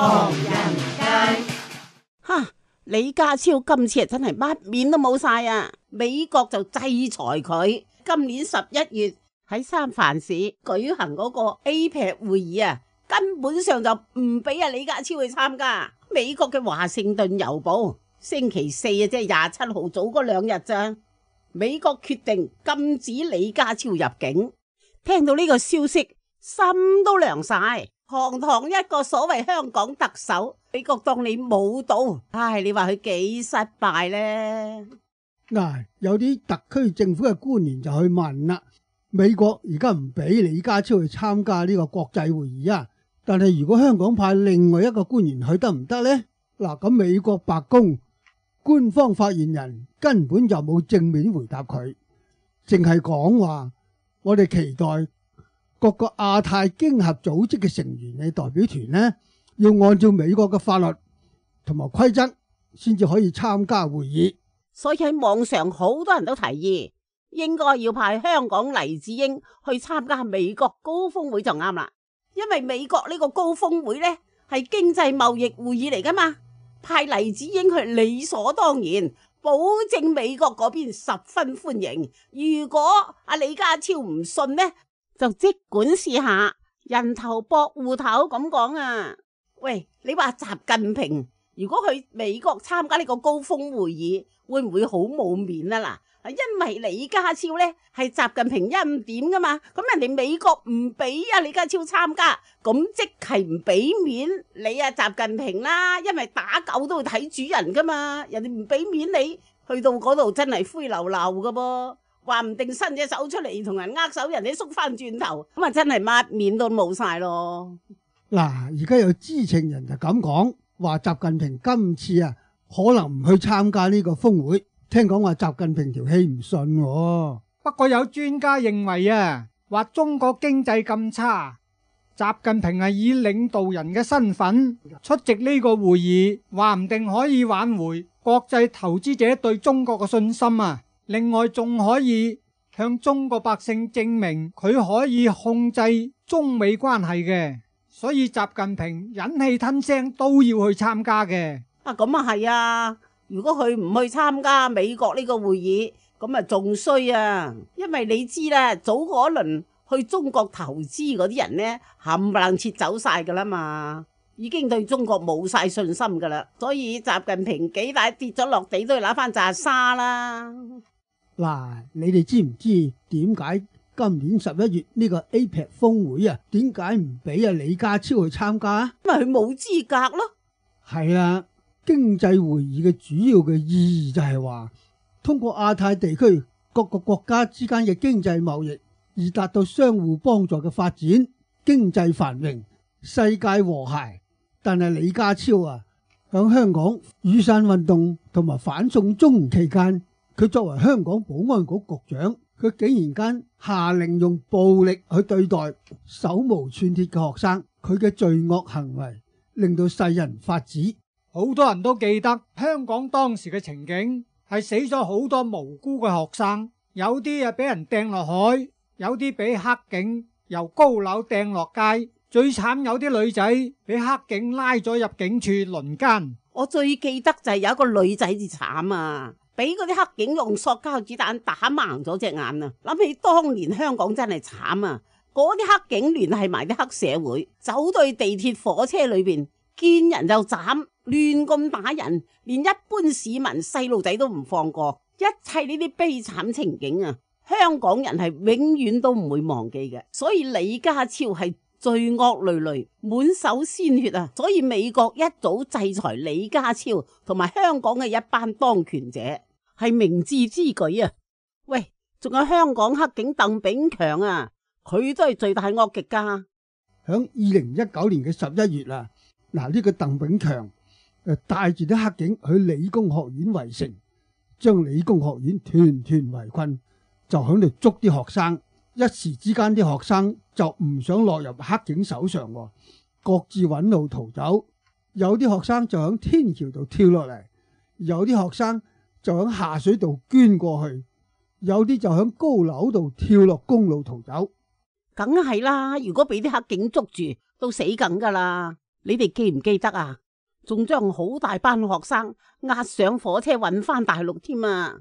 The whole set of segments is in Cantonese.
哈、 啊！李家超今次真係乜面都冇晒啊！美國就制裁佢。今年十一月喺三藩市舉行嗰個 APEC 會議啊，根本上就唔俾啊李家超去參加。美國嘅華盛頓郵報星期四啊，即係廿七號早嗰兩日咋，美國決定禁止李家超入境。聽到呢個消息，心都涼晒。堂堂一個所謂香港特首，美國當你冇到，唉，你話佢幾失敗呢？嗱、啊，有啲特區政府嘅官員就去問啦：，美國而家唔俾李家超去參加呢個國際會議啊，但係如果香港派另外一個官員去得唔得呢？啊」嗱，咁美國白宮官方發言人根本就冇正面回答佢，淨係講話我哋期待。各個亞太經合組織嘅成員嘅代表團呢，要按照美國嘅法律同埋規則，先至可以參加會議。所以喺網上好多人都提議，應該要派香港黎智英去參加美國高峰會就啱啦。因為美國呢個高峰會呢，係經濟貿易會議嚟噶嘛，派黎智英去理所當然，保證美國嗰邊十分歡迎。如果阿李家超唔信呢。就即管試下人頭博戶頭咁講啊！喂，你話習近平如果去美國參加呢個高峰會議，會唔會好冇面啊？嗱，因為李家超呢係習近平欽點噶嘛，咁人哋美國唔俾啊李家超參加，咁即係唔俾面你啊習近平啦，因為打狗都會睇主人噶嘛，人哋唔俾面你，去到嗰度真係灰溜溜噶噃。話唔定伸隻手出嚟同人握手，人哋縮翻轉頭咁啊！真係抹面都冇晒咯。嗱，而家有知情人就咁講話，習近平今次啊可能唔去參加呢個峰會。聽講話習近平條氣唔順喎。不過有專家認為啊，話中國經濟咁差，習近平係以領導人嘅身份出席呢個會議，話唔定可以挽回國際投資者對中國嘅信心啊！另外仲可以向中國百姓證明佢可以控制中美關係嘅，所以習近平忍氣吞聲都要去參加嘅。啊，咁啊係啊！如果佢唔去參加美國呢個會議，咁啊仲衰啊！因為你知啦，早嗰輪去中國投資嗰啲人呢，冚唪唥撤走晒㗎喇嘛，已經對中國冇晒信心㗎喇，所以習近平幾大跌咗落地都要揦返揸沙啦。嗱，你哋知唔知點解今年十一月呢個 APEC 峰會啊，點解唔俾啊李家超去參加啊？因為佢冇資格咯。係 啊，經濟會議嘅主要嘅意義就係話，通過亞太地區各個國家之間嘅經濟貿易，而達到相互幫助嘅發展、經濟繁榮、世界和諧。但係李家超啊，響香港雨傘運動同埋反送中期間，佢作為香港保安局局長，佢竟然間下令用暴力去對待手無寸鐵嘅學生，佢嘅罪惡行為令到世人髮指。好多人都記得香港當時嘅情景，係死咗好多無辜嘅學生，有啲啊俾人掟落海，有啲俾黑警由高樓掟落街，最慘有啲女仔俾黑警拉咗入警署輪姦。我最記得就係有一個女仔至慘啊！俾嗰啲黑警用塑膠子彈打盲咗隻眼啊！諗起當年香港真係慘啊！嗰啲黑警聯繫埋啲黑社會，走到地鐵火車裏邊，見人就斬，亂咁打人，連一般市民細路仔都唔放過。一切呢啲悲慘情景啊，香港人係永遠都唔會忘記嘅。所以李家超係罪惡累累，滿手鮮血啊！所以美國一早制裁李家超同埋香港嘅一班當權者，係明智之舉啊！喂，仲有香港黑警鄧炳強啊，佢都係罪大惡極㗎。響二零一九年嘅十一月啊，嗱呢個鄧炳強誒帶住啲黑警去理工學院圍城，將理工學院團團圍困，就響度捉啲學生。一時之間啲學生就唔想落入黑警手上，各自揾路逃走。有啲學生就響天橋度跳落嚟，有啲學生。就喺下水道捐過去，有啲就喺高樓度跳落公路逃走，梗係啦！如果俾啲黑警捉住，都死梗噶啦！你哋記唔記得啊？仲將好大班學生押上火車運翻大陸添啊！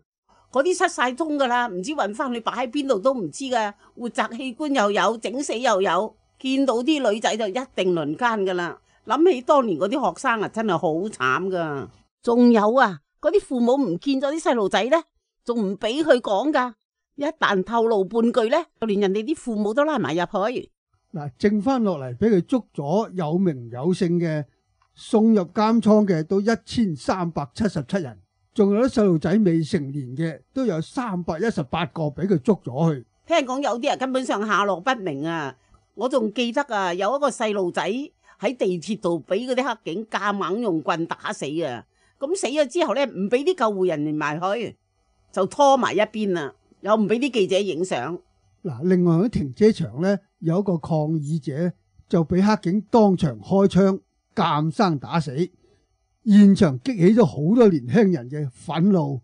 嗰啲失晒蹤噶啦，唔知運翻去擺喺邊度都唔知噶，活摘器官又有，整死又有，見到啲女仔就一定輪奸噶啦！諗起當年嗰啲學生啊，真係好慘噶，仲有啊！嗰啲父母唔見咗啲細路仔呢，仲唔俾佢講噶？一旦透露半句呢，就連人哋啲父母都拉埋入去。嗱，剩翻落嚟俾佢捉咗有名有姓嘅，送入監倉嘅都一千三百七十七人，仲有啲細路仔未成年嘅，都有三百一十八個俾佢捉咗去。聽講有啲人根本上下落不明啊！我仲記得啊，有一個細路仔喺地鐵度俾嗰啲黑警夾硬用棍打死啊！咁死咗之後咧，唔俾啲救護人員埋去，就拖埋一邊啦，又唔俾啲記者影相。嗱，另外喺停車場呢，有一個抗議者就俾黑警當場開槍，監生打死，現場激起咗好多年輕人嘅憤怒。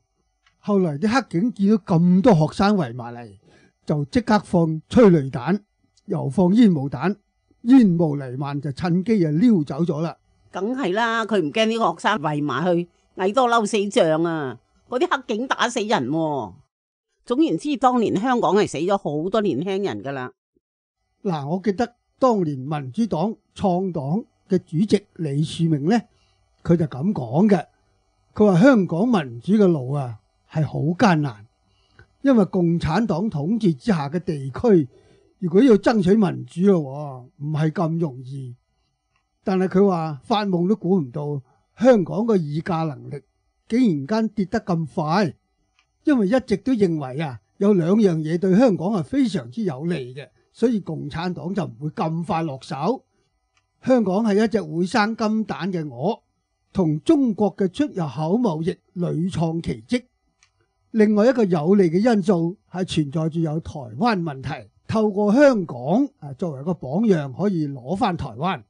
後來啲黑警見到咁多學生圍埋嚟，就即刻放催淚彈，又放煙霧彈，煙霧彌漫就趁機啊溜走咗啦。.梗係啦，佢唔驚啲學生圍埋去，蟻多嬲死象啊！嗰啲黑警打死人、啊，總言之，當年香港係死咗好多年輕人噶啦。嗱、啊，我記得當年民主黨創黨嘅主席李柱銘呢，佢就咁講嘅，佢話香港民主嘅路啊係好艱難，因為共產黨統治之下嘅地區，如果要爭取民主嘅話，唔係咁容易。但係佢話發夢都估唔到香港個議價能力竟然間跌得咁快，因為一直都認為啊有兩樣嘢對香港係非常之有利嘅，所以共產黨就唔會咁快落手。香港係一隻會生金蛋嘅鵝，同中國嘅出入口貿易屢創奇蹟。另外一個有利嘅因素係存在住有台灣問題，透過香港啊作為個榜樣，可以攞翻台灣。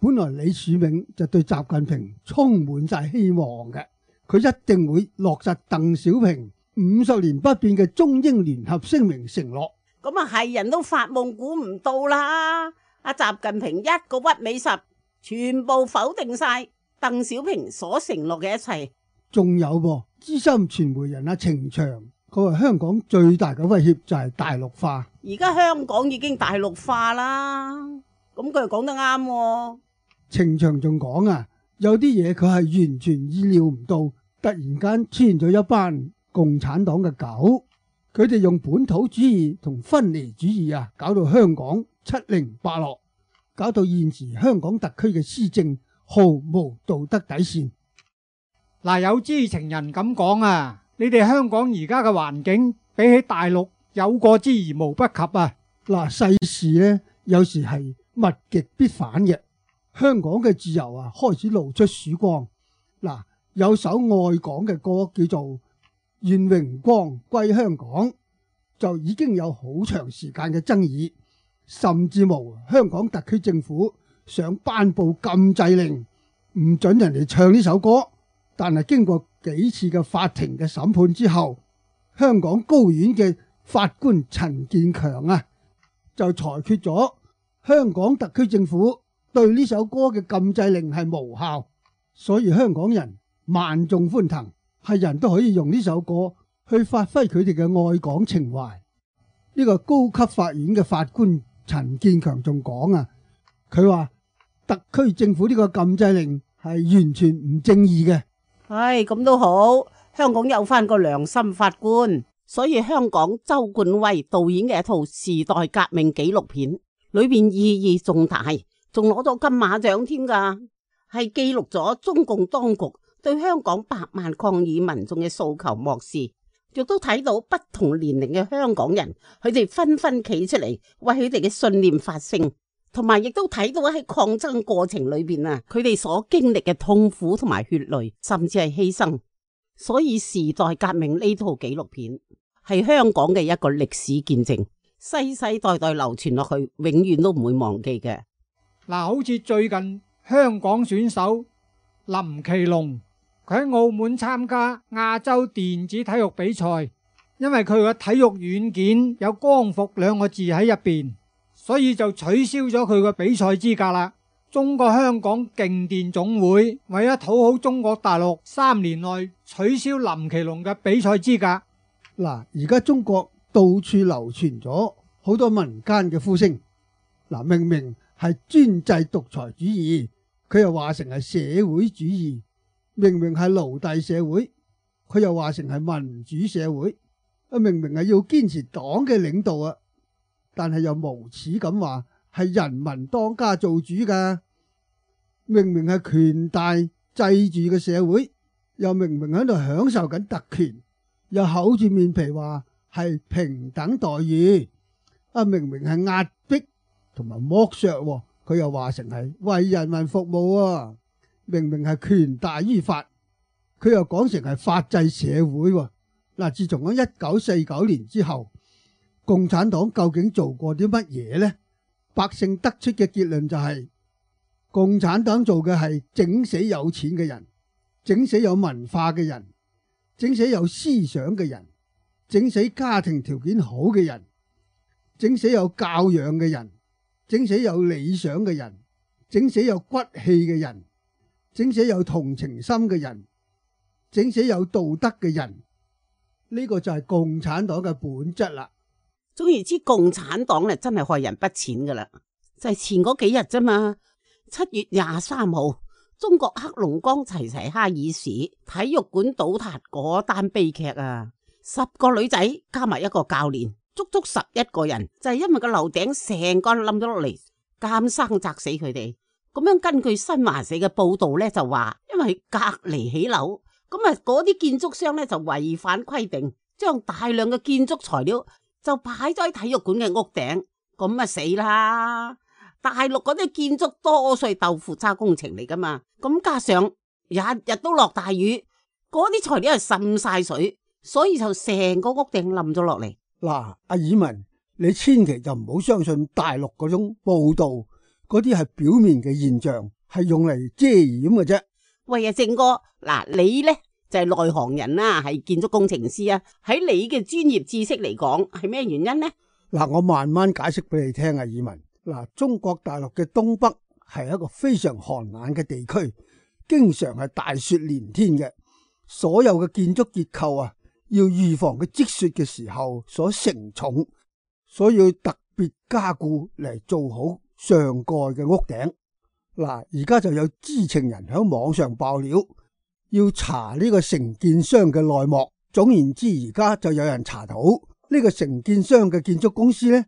本來李柱銘就對習近平充滿晒希望嘅，佢一定會落實鄧小平五十年不變嘅中英聯合聲明承諾。咁啊，係人都發夢估唔到啦！阿習近平一個屈尾十，全部否定晒鄧小平所承諾嘅一切。仲有噃，資深傳媒人阿、啊、程翔，佢話香港最大嘅威脅就係大陸化。而家香港已經大陸化啦，咁佢又講得啱、啊。程長仲講啊，有啲嘢佢係完全意料唔到，突然間出現咗一班共產黨嘅狗，佢哋用本土主義同分離主義啊，搞到香港七零八落，搞到現時香港特區嘅施政毫無道德底線。嗱，有知情人咁講啊，你哋香港而家嘅環境比起大陸有過之而無不及啊！嗱，世事呢，有時係物極必反嘅。香港嘅自由啊，開始露出曙光。嗱，有首愛港嘅歌叫做《願榮光歸香港》，就已經有好長時間嘅爭議，甚至無香港特區政府想頒布禁制令，唔准人哋唱呢首歌。但係經過幾次嘅法庭嘅審判之後，香港高院嘅法官陳建強啊，就裁決咗香港特區政府。對呢首歌嘅禁制令係無效，所以香港人萬眾歡騰，係人都可以用呢首歌去發揮佢哋嘅愛港情懷。呢個高級法院嘅法官陳建強仲講啊，佢話特區政府呢個禁制令係完全唔正義嘅。唉，咁都好，香港有翻個良心法官，所以香港周冠威導演嘅一套時代革命紀錄片裏邊意義重大。仲攞咗金馬獎添㗎，係記錄咗中共當局對香港百萬抗議民眾嘅訴求漠視，亦都睇到不同年齡嘅香港人，佢哋紛紛企出嚟，為佢哋嘅信念發聲，同埋亦都睇到喺抗爭過程裏邊啊，佢哋所經歷嘅痛苦同埋血淚，甚至係犧牲。所以時代革命呢套紀錄片係香港嘅一個歷史見證，世世代代流傳落去，永遠都唔會忘記嘅。嗱，好似最近香港選手林奇龍，佢喺澳門參加亞洲電子體育比賽，因為佢嘅體育軟件有光復兩個字喺入邊，所以就取消咗佢嘅比賽資格啦。中國香港競電總會為咗討好中國大陸三年內取消林奇龍嘅比賽資格。嗱，而家中國到處流傳咗好多民間嘅呼聲。嗱，明明。係專制獨裁主義，佢又話成係社會主義，明明係奴隸社會，佢又話成係民主社會。啊，明明係要堅持黨嘅領導啊，但係又無恥咁話係人民當家做主㗎。明明係權大制住嘅社會，又明明喺度享受緊特權，又厚住面皮話係平等待遇。啊，明明係壓迫。同埋剝削、哦，佢又話成係為人民服務啊！明明係權大於法，佢又講成係法制社會，啊，嗱，自從咗一九四九年之後，共產黨究竟做過啲乜嘢咧？百姓得出嘅結論就係、是、共產黨做嘅係整死有錢嘅人，整死有文化嘅人，整死有思想嘅人，整死家庭條件好嘅人，整死有教養嘅人。整死有理想嘅人，整死有骨氣嘅人，整死有同情心嘅人，整死有道德嘅人，呢、這個就係共產黨嘅本質啦。總言之，共產黨咧真係害人不淺噶啦，就係、是、前嗰幾日啫嘛，七月廿三號，中國黑龍江齊齊哈爾市體育館倒塌嗰單悲劇啊，十個女仔加埋一個教練。足足十一個人，就係因為個樓頂成個冧咗落嚟，監生砸死佢哋。咁樣根據新華社嘅報道呢就話因為隔離起樓，咁啊嗰啲建築商呢就違反規定，將大量嘅建築材料就擺咗喺體育館嘅屋頂，咁啊死啦！大陸嗰啲建築多係豆腐渣工程嚟噶嘛，咁加上日日都落大雨，嗰啲材料係滲晒水，所以就成個屋頂冧咗落嚟。嗱，阿、啊、以文，你千祈就唔好相信大陸嗰種報道，嗰啲係表面嘅現象，係用嚟遮掩嘅啫。喂啊，正哥，嗱、啊，你呢就係、是、內行人啦、啊，係建築工程師啊，喺你嘅專業知識嚟講，係咩原因呢？嗱、啊，我慢慢解釋俾你聽啊，以文。嗱、啊，中國大陸嘅東北係一個非常寒冷嘅地區，經常係大雪連天嘅，所有嘅建築結構啊。要預防佢積雪嘅時候所承重，所以要特別加固嚟做好上蓋嘅屋頂。嗱，而家就有知情人喺網上爆料，要查呢個承建商嘅內幕。總言之，而家就有人查到呢個承建商嘅建築公司咧，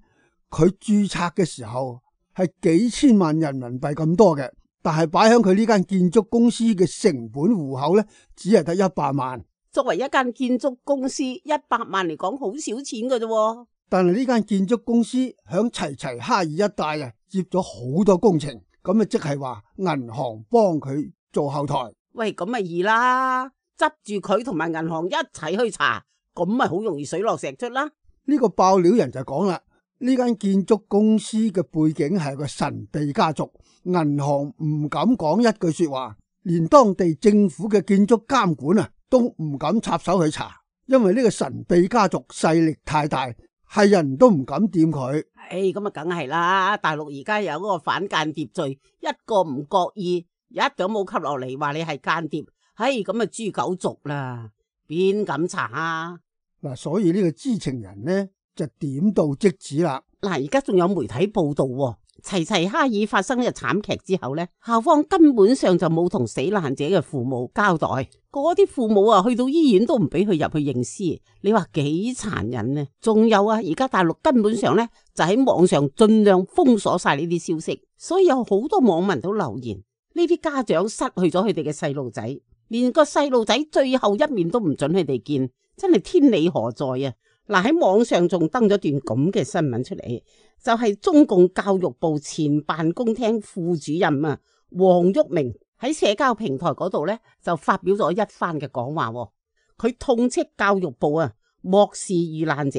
佢註冊嘅時候係幾千萬人民幣咁多嘅，但係擺喺佢呢間建築公司嘅成本戶口咧，只係得一百萬。作為一間建築公司，一百萬嚟講好少錢嘅啫。但係呢間建築公司響齊齊哈爾一帶啊，接咗好多工程，咁啊即係話銀行幫佢做後台。喂，咁咪易啦，執住佢同埋銀行一齊去查，咁咪好容易水落石出啦。呢個爆料人就講啦，呢間建築公司嘅背景係個神秘家族，銀行唔敢講一句說話，連當地政府嘅建築監管啊。都唔敢插手去查，因為呢個神秘家族勢力太大，係人都唔敢掂佢。唉、哎，咁啊，梗係啦！大陸而家有嗰個反間諜罪，一個唔覺意，一掌冇吸落嚟，話你係間諜，誒、哎，咁啊，豬狗族啦，邊敢查啊？嗱，所以呢個知情人呢，就點到即止啦。嗱，而家仲有媒體報道喎、啊。齊齊哈爾發生呢個慘劇之後呢，校方根本上就冇同死難者嘅父母交代，嗰啲父母啊去到醫院都唔俾佢入去認屍，你話幾殘忍呢、啊？仲有啊，而家大陸根本上呢，就喺網上盡量封鎖晒呢啲消息，所以有好多網民都留言：呢啲家長失去咗佢哋嘅細路仔，連個細路仔最後一面都唔准佢哋見，真係天理何在啊！嗱，喺網上仲登咗段咁嘅新聞出嚟，就係中共教育部前辦公廳副主任啊，黃旭明喺社交平台嗰度咧就發表咗一番嘅講話。佢痛斥教育部啊，漠視遇難者。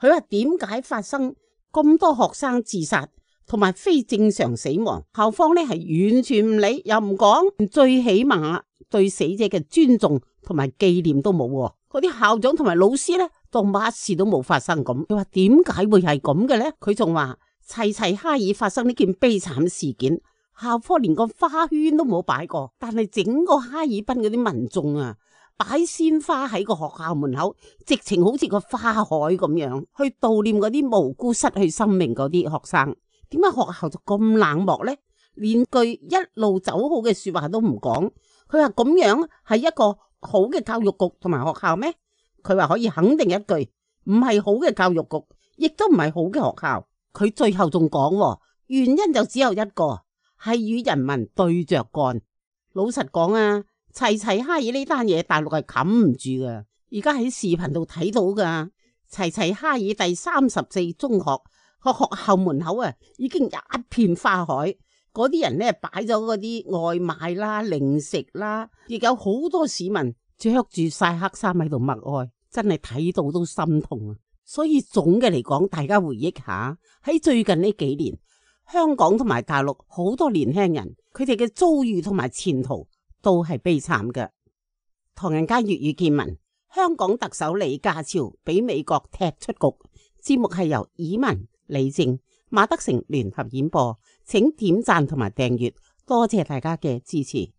佢話點解發生咁多學生自殺同埋非正常死亡，校方咧係完全唔理又唔講，最起碼對死者嘅尊重同埋紀念都冇。嗰啲校長同埋老師咧。當乜事都冇發生咁，佢話點解會係咁嘅呢？佢仲話齊齊哈爾發生呢件悲慘事件，校方連個花圈都冇擺過，但係整個哈爾濱嗰啲民眾啊，擺鮮花喺個學校門口，直情好似個花海咁樣去悼念嗰啲無辜失去生命嗰啲學生。點解學校就咁冷漠呢？連句一路走好嘅說話都唔講。佢話咁樣係一個好嘅教育局同埋學校咩？佢話可以肯定一句，唔係好嘅教育局，亦都唔係好嘅學校。佢最後仲講，原因就只有一個，係與人民對着幹。老實講啊，齊齊哈爾呢單嘢，大陸係冚唔住噶。而家喺視頻度睇到噶，齊齊哈爾第三十四中學個學校門口啊，已經一片花海。嗰啲人咧擺咗嗰啲外賣啦、零食啦，亦有好多市民。着住晒黑衫喺度默哀，真係睇到都心痛啊！所以總嘅嚟講，大家回憶下喺最近呢幾年，香港同埋大陸好多年輕人，佢哋嘅遭遇同埋前途都係悲慘嘅。唐人街粵語見聞，香港特首李家超俾美國踢出局。節目係由耳民李靜、馬德成聯合演播，請點讚同埋訂閱，多謝大家嘅支持。